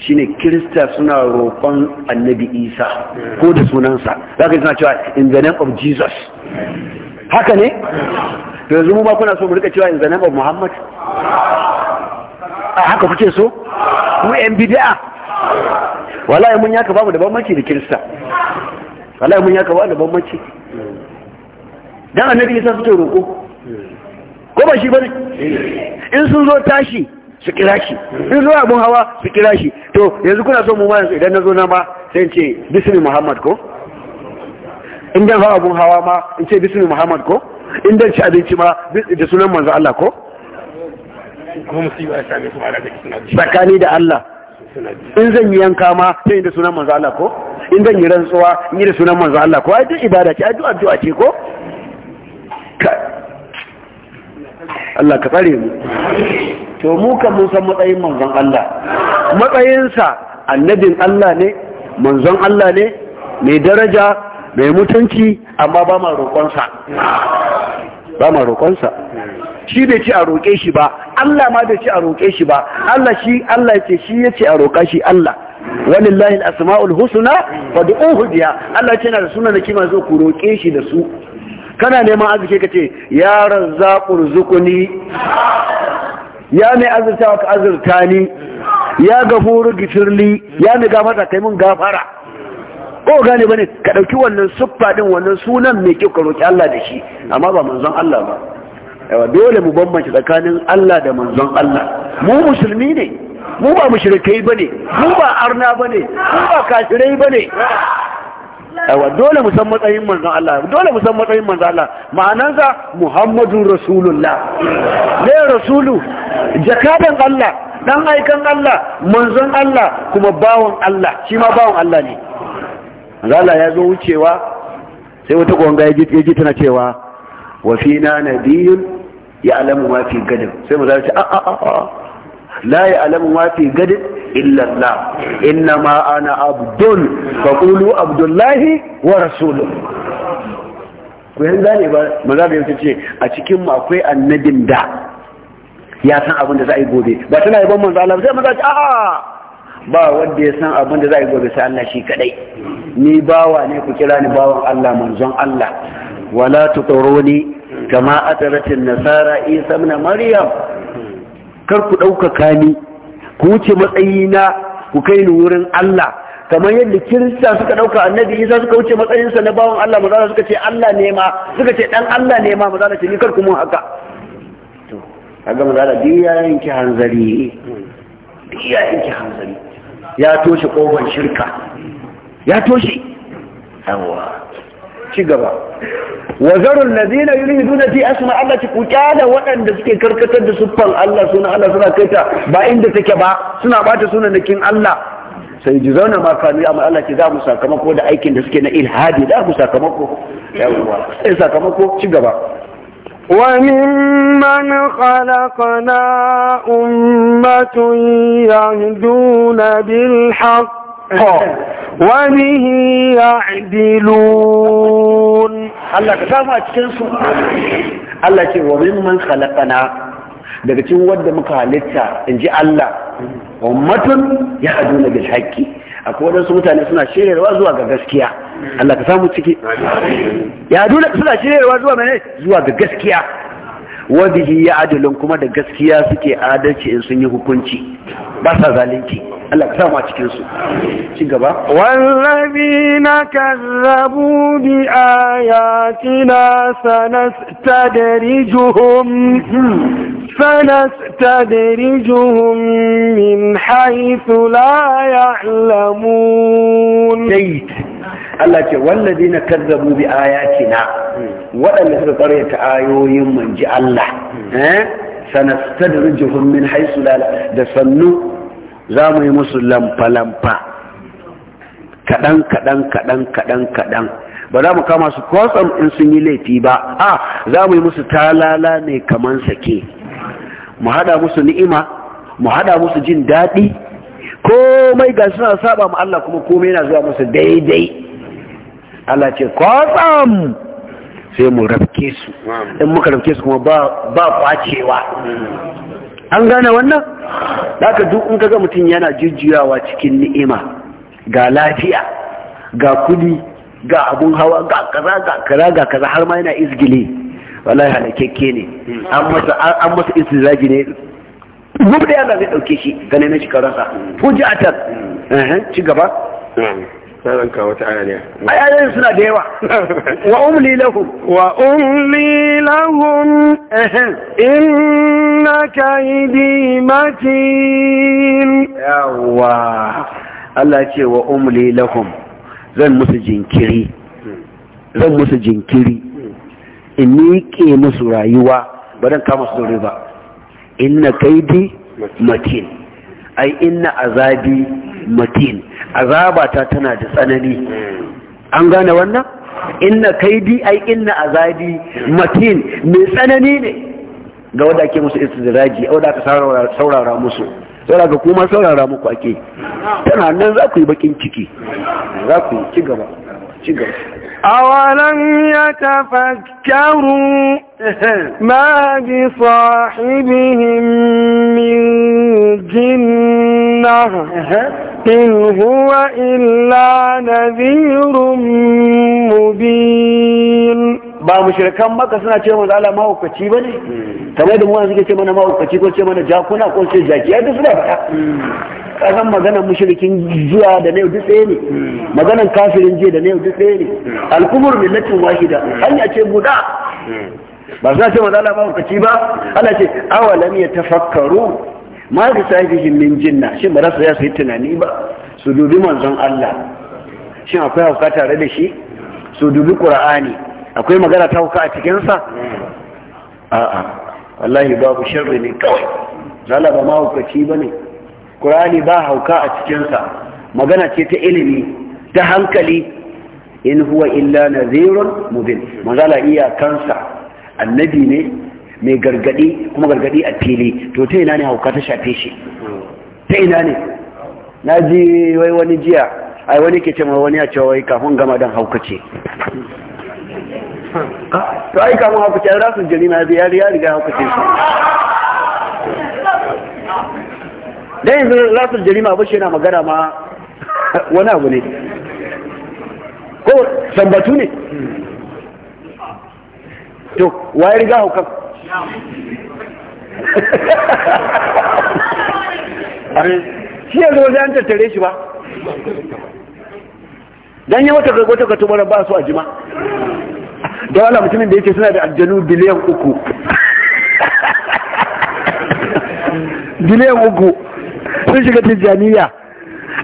shine kirista suna roƙon annabi isa ko da sunansa za ka yi suna cewa in the name of jesus haka ne to yanzu mu ba kuna so mu rika cewa in the name of muhammad a haka kuke so mu yan Wala wallahi mun yaka babu da bambanci da kirista wallahi mun yaka babu da bambanci dan annabi isa suke roƙo ko ba shi bane in sun zo tashi su kira shi in zo abun hawa su kira shi to yanzu kuna so mu ma idan na zo na ma sai ce bismi muhammad ko in dan hawa abun hawa ma in ce bismi muhammad ko in dan ci abinci ma da sunan manzo Allah ko tsakani da Allah in zan yi yanka ma sai da sunan manzo Allah ko in zan yi rantsuwa in yi da sunan manzo Allah ko ai duk ibada ce ai duk addu'a ce ko Allah ka tsare mu to mu kan mun san matsayin manzon Allah matsayinsa annabin Allah ne manzon Allah ne mai daraja mai mutunci amma ba ma roƙonsa ba ma roƙonsa shi bai ci a roƙe shi ba Allah ma bai ci a roƙe shi ba Allah shi Allah ce shi ya a roƙa shi Allah walillahi al-asma'ul husna fad'uhu biha Allah ce da sunan da kima zo ku roƙe shi da su kana neman arziki ka ce ya razzaqur zukuni ya mai azurtawa ka azurta ni ya gafuru gifirli ya mai gafarta kai mun gafara ko gane bane ka ɗauki wannan suffa ɗin wannan sunan mai kyau ka roƙi Allah da shi amma ba manzon Allah ba yawa dole mu bambance tsakanin Allah da manzon Allah mu musulmi ne mu ba mushrikai bane mu ba arna bane mu ba kafirai bane aiwa dole mu san matsayin manzon Allah dole mu san matsayin manzon Allah ma'anansa Muhammadu Rasulullah ne rasulu jakadan Allah dan aikan Allah manzon Allah kuma bawon Allah shi ma bawon Allah ne manzon Allah ya zo wucewa sai wata gonga ya ji tana cewa wa fina biyun ya'lamu ma fi gadab sai mu zai ce a a a la ya'lamu ma fi gadin illa Allah innama ana abdun faqulu abdullahi wa rasuluhu ku yan gane ba maza da yanzu ce a cikin mu akwai annabin da ya san abin da za a yi gobe ba tana yi manzo Allah sai maza ce a'a ba wanda ya san abin da za a yi gobe sai Allah shi kadai ni bawa ne ku kira ni bawan Allah manzon Allah wala tuquruni kama ataratin nasara isa ibn maryam kar ku ɗaukaka ni ku wuce matsayina ku kai ni wurin Allah kamar yadda kirista suka ɗauka annabi isa suka wuce matsayinsa na bawan Allah maza suka ce Allah ne ma suka ce ɗan Allah ne ma maza ce ni kar ku mun haka to kaga maza da ya yanke hanzari ya yanke hanzari ya toshe kofar shirka ya toshe yawa ci gaba wazarun lazina yuri zuna fi asma Allah ci kukyala waɗanda suke karkatar da siffan Allah suna Allah suna kaita ba inda take ba suna bata sunanakin Allah sai ji zauna ma kanu amma Allah ki za mu sakamako da aikin da suke na ilhadi da mu sakamako yawwa sai sakamako ci gaba وممن خلقنا أمة يهدون بالحق وبه يعدلون الله كتابة تنسوا ce wa وممن خلقنا daga cikin wanda muka halitta in ji Allah ummatun ya aduna bil haqqi akwai wadansu mutane suna shiryarwa zuwa ga gaskiya Allah ka samu ciki ya na suna shiryarwa zuwa mene zuwa ga gaskiya wadda bihi ya adalun kuma da gaskiya suke adalci in sun yi hukunci ba sa zalunci Allah ta samu a cikin su ci gaba wallazina kazzabu bi ayatina sanastadrijuhum sanastadrijuhum min haythu la ya'lamun dai Allah ce wallazina kazzabu bi ayatina waɗanda suka karyata ayoyin manji Allah eh sanastadrijuhum min haythu la da sannu za mu yi musu lamfa-lamfa kaɗan kaɗan kaɗan kaɗan kaɗan ba za mu kama su kwatsam in sun yi laifi ba a za mu yi musu talala ne kaman sake mu haɗa musu ni'ima mu haɗa musu jin daɗi komai ga suna saba mu Allah kuma komai yana zuwa musu daidai Allah ce kwatsam sai mu rafke su in muka rafke su kuma ba kwacewa an gane wannan haka duk in kaga mutum yana jujjuyawa cikin ni'ima ga lafiya ga kudi ga abun hawa ga kaza ga kaza ga kaza har ma yana izgile wallahi halakekke ne an masa an masa istizaji ne gobe da yana zai dauke shi ganin na shi karansa hujjatan ci gaba na zan kawo ta aya ne ai suna da yawa wa umli lahum wa umli lahum inna kaydi matin yawa Allah ce wa umli lahum zan musu jinkiri zan musu jinkiri in miƙe musu rayuwa ba zan kama su dore ba inna kaidi matin ai inna azabi matin azabata tana da tsanani an gane wannan inna kaidi ai inna azabi matin mai tsanani ne ga wanda ake musu istidraji wanda aka saurara musu saurara ga kuma saurara muku ake tana nan za ku yi bakin ciki za ku yi ci gaba ci gaba أولم يتفكروا <laughs> ما بصاحبهم من جنة <laughs> إن هو إلا نذير مبين ba mushrikan maka suna ce manzo Allah mahaukaci bane hmm. kamar da mu suke ce mana mahaukaci ko ce mana jakuna ko ce jaki ai duk suna faɗa hmm. kasan magana mushrikin zuwa da na yau duk ɗaya ne hmm. maganar kafirin jiya da na yau duk ɗaya ne al-kubur millatin wahida hanya ce guda ba za ce manzo Allah mahaukaci ba Allah ce awalam yatafakkaru ma ga sahibihim min jinna shin ba za su su yi tunani ba su dubi manzon Allah shin akwai hauka tare da shi su dubi qur'ani akwai magana ta hauka a cikinsa a'a wallahi ku shirri ne kawai zala ba ma hukaci ba ne ƙurani ba hauka a cikinsa magana ce ta ilimi ta hankali in huwa illa zirin mubin magana iyakansa annabi ne mai gargadi kuma gargadi a fili to ta ina ne hauka ta shafe shi ta ina ne na ji wai wani jiya ai wani ke ce wani ya ce wai kafin gama don hauka ce to ai kamun haka kyan rasun jari na da yari ya riga haka ce dan yanzu su jari ma shi na magana ma wani abu ne ko sambatu ne to wa ya riga haukan shi yanzu wajen an tattare shi ba dan yi wata wata katumaran ba su a jima da wala mutumin da yake suna da aljanu biliyan uku biliyan uku sun shiga tijjaniya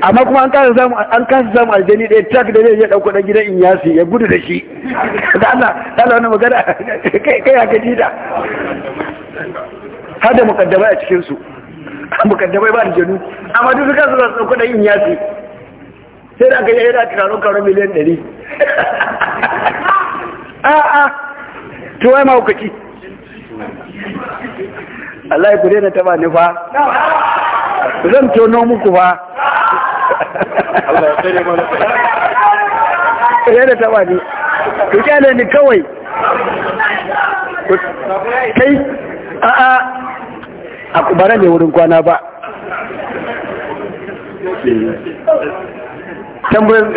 amma kuma an kasa samu an kasa samu aljani ɗaya tak da zai ya dauko dan gidan inyasi ya gudu da shi da Allah Allah wannan magana kai kai ya gaji da da mukaddamai a cikin su mukaddamai ba aljanu amma duk suka za su dauko dan inyasi sai da ga yayin da karo karo miliyan 100 <laughs> a'a to wai hukaki Allah kure na taba ni fa zan tono muku fa Allah ya tsare mana ku taba ni ku kyale ni kawai kai a'a a kubara ne wurin kwana ba eh,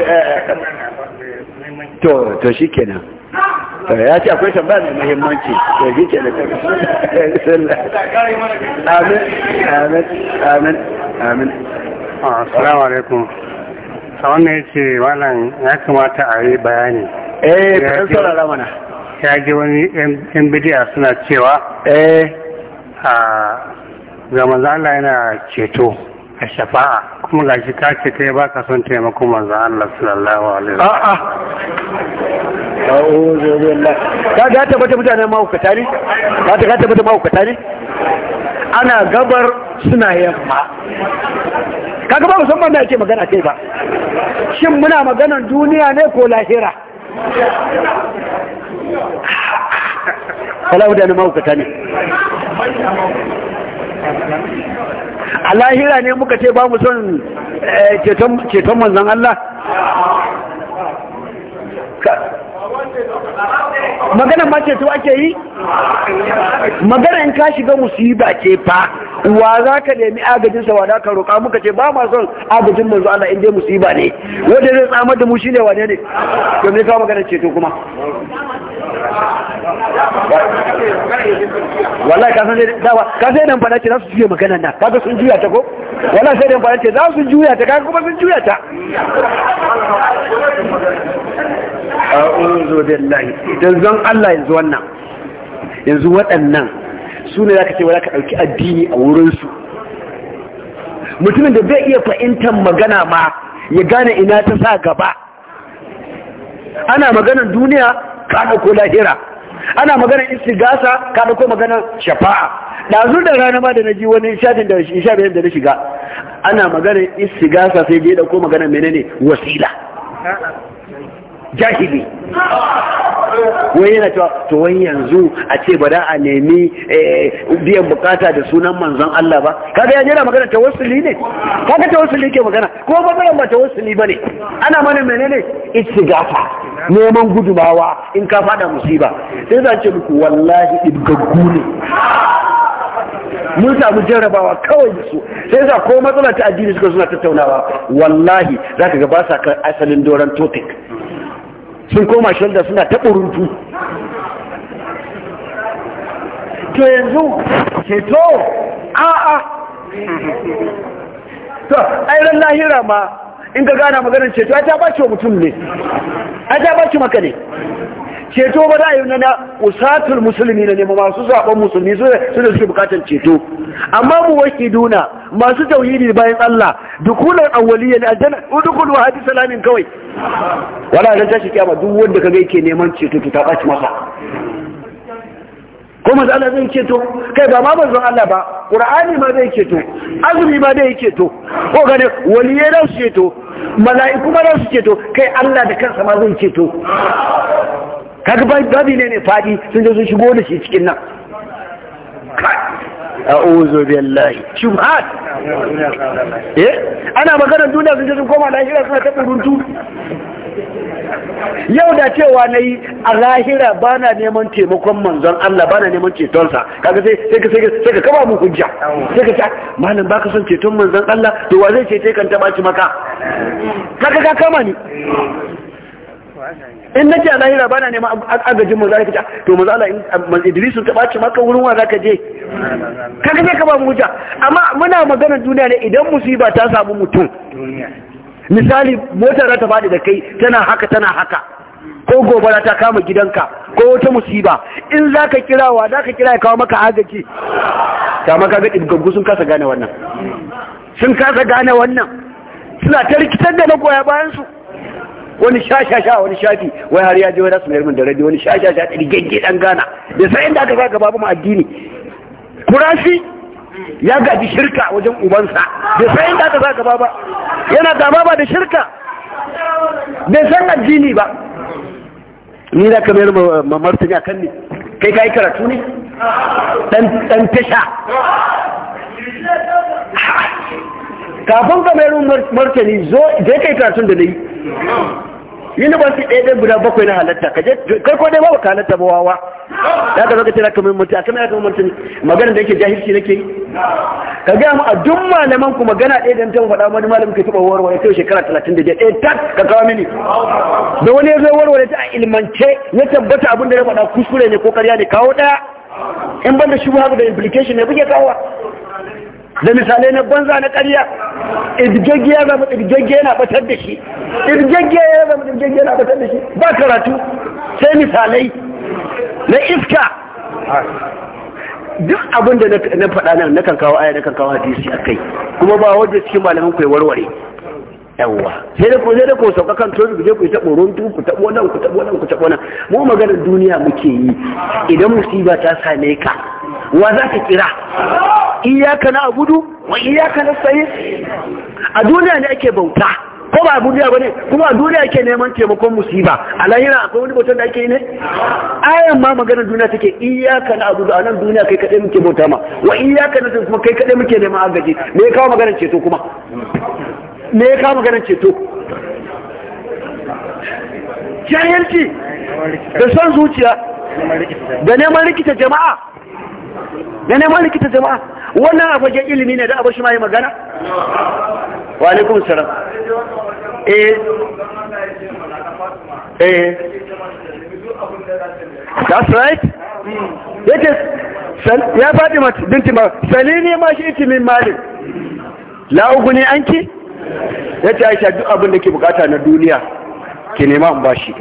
eh, to to shi kenan Eh, ya ce akwai tambaya mai muhimmanci da shi ke da amin amin amin amin ah, assalamu alaikum a wannan ce wannan ya kamata a yi bayani eh kan saurara mana ya ji wani yan bidiya suna cewa eh ah, a zama zala yana ceto a shafa'a kuma ga shi ka ce kai ba ka son taimako manzo Allah sallallahu alaihi wa wasallam a'udhu billah ka ga tabbata mutanen mahaukata ne ka ta tabbata mahaukata ne ana gabar suna yamma kaga ba musamman da ake magana kai ba shin muna maganan duniya ne ko lahira wala mutanen mahaukata ne a lahira ne muka ce ba mu son eh, ceton manzan Allah maganan ba ce to ake yi magana in ka shiga musiba ce fa wa za ka nemi agajinsa wa za ka roƙa muka ce ba ma son agajin manzo Allah in dai musiba ne wanda zai tsamar da mu shine wane ne to me magana ce ceto kuma wallahi ka san dawa ka sai nan fara ce za su juya maganar na kaga sun juya ta ko wallahi sai nan fara ce za su juya ta kaga kuma sun juya ta a'udhu billahi idan zan Allah yanzu wannan yanzu waɗannan su ne zaka ce za ka dauki addini a wurin su mutumin da zai iya fahimtar magana ma ya gane ina ta sa gaba ana maganar duniya ka dauko lahira ana maganar istigasa ka ɗauko maganar shafa'a dazu da rana ma da naji wani shafin da shafin da na shiga ana maganar istigasa sai je ko maganar menene wasila jahili wai yana cewa to wani yanzu a ce ba da a nemi eh, biyan bukata da sunan manzon Allah ba kaga yanzu yana magana tawassuli ne kaga tawassuli ke magana ko magana ba tawassuli bane ana mana menene istigata neman gudumawa in ka fada musiba sai za ce muku wallahi ibgaggu ne mun samu jarrabawa kawai da su sai za ko matsala ta addini suka suna tattaunawa wallahi zaka ga ba sa kan asalin doron topic sun koma shanda suna ta ɓuruntu to yanzu ceto a'a <laughs> to ai ran lahira ma in ka gana maganar ceto ai ta baci wa mutum ne ai ta baci maka ne ceto ba za a yi na usatul musulmi na nema masu zaɓen musulmi su da suke bukatar ceto amma mu waki duna masu tauhidi bayan Allah duk dukulan awwaliya ne aljanna duk wa hadis salamin kawai wala ran tashi kiyama duk wanda ka kaga yake neman ceto to ta ɓaci masa ko manzo Allah zai ceto kai ba ma manzo Allah ba qur'ani ma zai ceto azumi ma zai ceto ko gane waliyai da su ceto mala'iku ma da su ceto kai Allah da kansa ma zai ceto kaga babi ne ne fadi sun je sun shigo da shi cikin nan a'udhu billahi shubhat eh ana magana duniya sun je sun koma lahira suna ta buruntu yau da cewa na yi a lahira ba na neman taimakon manzon Allah ba na neman cetonsa kaga sai sai ka kaba mu hujja sai ka ce malam ka son ceton manzon Allah to wa zai cece kan taba ci maka kaga ka kama ni in nake a lahira ba na neman agajin mu ka ce to manzon Allah in Idris ta maka wurin wa zaka je kaga sai ka ba mu hujja amma muna maganar duniya ne idan musiba ta samu mutum misali motar za ta faɗi da kai tana haka tana haka ko gobara ta kama gidanka ko wata musiba in za ka kira wa za ka kira ya kawo maka agaji ta maka ga ɗibgaggu sun kasa gane wannan sun kasa gane wannan suna ta rikitar da magoya bayansu wani sha-sha-sha wani shafi wai har ya je wani asimayar min da radi wani sha-sha-sha ɗari gengge gana da sai inda aka sa gaba mu addini kurasi ya gaji shirka wajen ubansa bai san inda aka sa gaba ba yana gaba ba da shirka bai san addini ba ni da kamar mamartani akan ne kai ka yi karatu ne dan tasha kafin kamar martani zo je kai karatun da na yi university ɗaya ɗaya guda bakwai na halatta ka je kai ko dai ba ka halatta ba wawa ya ga lokacin aka tana mutu mutum a aka kamar mutum magana da yake jahilci nake ka gaya mu a duk malaman ku magana ɗaya da ta faɗa wani malamin ka taɓa warware kai shekara talatin da ɗaya eh, tak ka kawo mini da wani ya zo warware ta a ilmance ya tabbata abin da ya faɗa kuskure ne ko karya ne kawo ɗaya in ban da shi da implication ne kuke kawo da misalai na banza na ƙarya irgagge ya zama irgagge yana batar da shi irgagge ya zama irgagge yana batar da shi ba karatu sai misalai na iska duk abin da na faɗa nan na kan kawo aya na kan kawo hadisi a kai kuma ba wajen cikin malamin kai warware yawwa sai da ko sai da ko sauka kan tori ku je ku ta runtu, ku ta nan ku ta nan ku ta nan mu maganar duniya muke yi idan musiba ta same ka wa za ka kira iyaka na abudu wa iyaka na sayi a duniya ne ake bauta ko ba a duniya ba ne kuma a duniya ake neman taimakon musiba a lahira akwai wani bautan da ake yi ne ayan ma maganar duniya take iyaka na abudu a nan duniya kai kaɗai muke bauta ma wa iyaka na sayi kuma kai kaɗai muke neman agaji me ya kawo maganar ceto kuma me ya kawo maganar ceto jahilci da son zuciya da neman rikita jama'a da neman likita jama'a wannan a fagen ilimi ne da abu shi ma yi magana wa alaikum salam eh eh that's right yake ya faɗi mata dinti ba sali ne ma shi itimin malin la'ugu ne anki ya ce aisha duk abin da ke bukata na duniya ke nema in bashi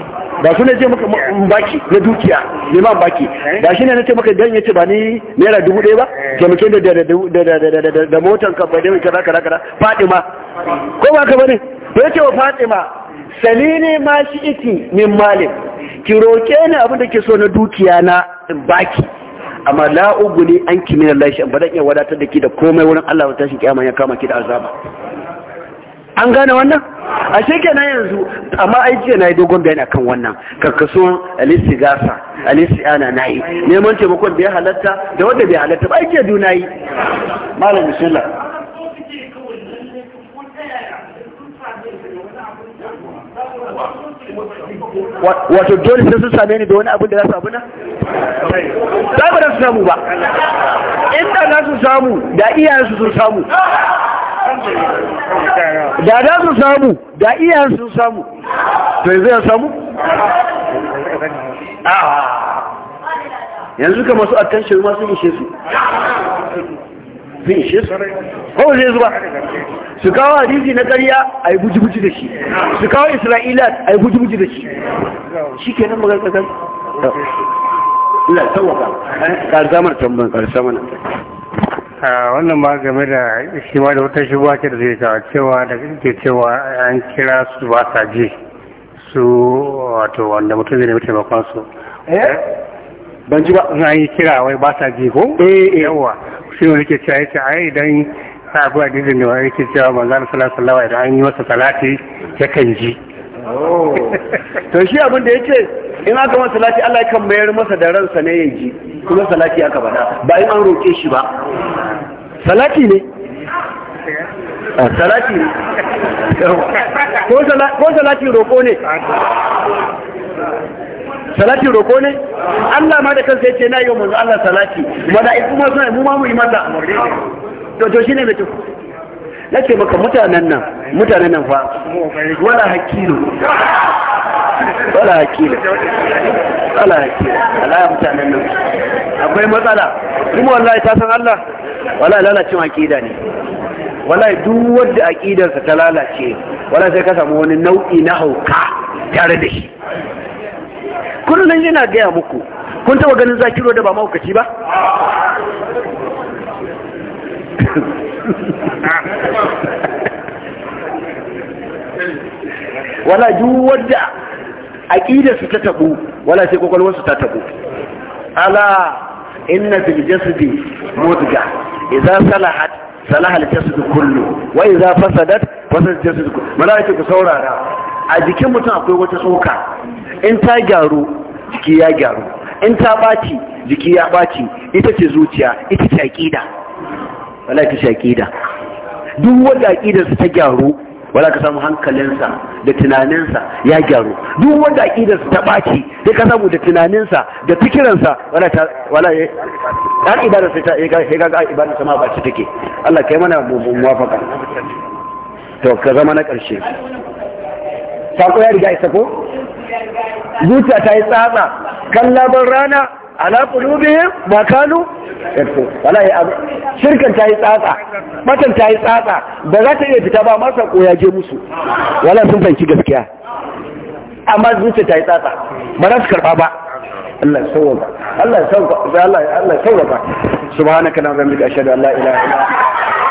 ba su ne ce maka in baki na dukiya nema in baki ba shi ne na ce maka dan yace ba ni naira dubu ɗaya ba taimake da da da motan ka bai kaza kaza kaza Fatima ko ba ka bane to yace wa Fatima salini ma shi iki min malin ki roke ni abin da ke so na dukiya na in baki amma la ne an kimin Allah shi ba zan iya wadatar da ki da komai wurin Allah ta shi kiyama ya kama ki da azaba an gane wannan a na yanzu amma aiki na yi dogon bayani akan wannan karkasuwan alisi gasa alisi ana na yi neman taimakon bai halatta da wanda bai halatta ba aiki duna yi malam bismillah wato dole sai sun same ni da wani abin da za su abuna? za ba da su samu ba inda za su samu da iyayensu sun samu da da su samu da iyayen sun samu to zai samu yanzu ka masu attention ma sun ishe su ishe su ko zai zuwa su kawo hadisi na ƙarya a yi buji-buji da shi su kawo isra'ila a yi buji-buji da shi shi ke nan magar ƙasar ila tsawaka ƙarsa mana tambayin ƙarsa wannan ma game da shi ma da wata shubuwa ke da zai kawo cewa da ke cewa an kira su ba sa ji su wato wanda mutum zai nemi taimakon su eh? ban ji ba an yi kira wai ba sa ji ko eh, eh. yawa shi ne nake cewa yace ai idan abu a dizin da wani ke cewa manzo sallallahu alaihi idan an yi masa salati kan ji oh. to shi abin da yake in aka masa salati Allah kan mayar masa da ransa ne yanzu kuma salati aka bada ba in an roke shi ba salati ne ah, salati ne ko salati roko ne salati roko ne Allah ma da kansa yace na yi manzo Allah salati mala'iku ma suna mu ma mu yi mata to to shine mutum nace maka mutanen nan mutanen nan fa wala hakilu wala hakila wala hakila ala mutanen nan akwai matsala kuma wallahi ta san Allah wallahi lalacin akida ne wallahi duk wanda akidarsa ta lalace wallahi sai ka samu wani nau'i na hauka tare da shi kullum yana gaya muku kun taba ganin zakiro da ba mahaukaci ba <laughs> wala duk wadda aqidar su ta tabu wala sai kokolwar su ta tabu ala inna fil jasadi mudga idza salahat salaha al jasad kullu wa idza fasadat fasada al jasad kullu malaika ku saurara a jikin mutum akwai wata tsoka in ta gyaru jiki ya gyaru in ta baci jiki ya baci ita ce zuciya ita ce aqida wala ta ce aqida duk wanda aqidar su ta gyaru wala ka samu hankalinsa da tunaninsa ya gyaru duk wanda aqidarsa ta ɓaki, sai ka samu da tunaninsa da fikiransa wala ta ya ibada sai ta ya ga ibada sama ta take Allah kai mana muwafaka to ka zama na ƙarshe. sako ya riga isa ko zuciya ta yi tsatsa kan labar rana ala qulubihim ma kanu yarko wallahi shirkan ta yi tsatsa batan ta yi tsatsa da za ta iya fita ba masa koya je musu wallahi sun fanki gaskiya amma zuciya ta yi tsatsa ba za su karba ba Allah ba Allah ba Allah ba subhanaka la ilaha illa anta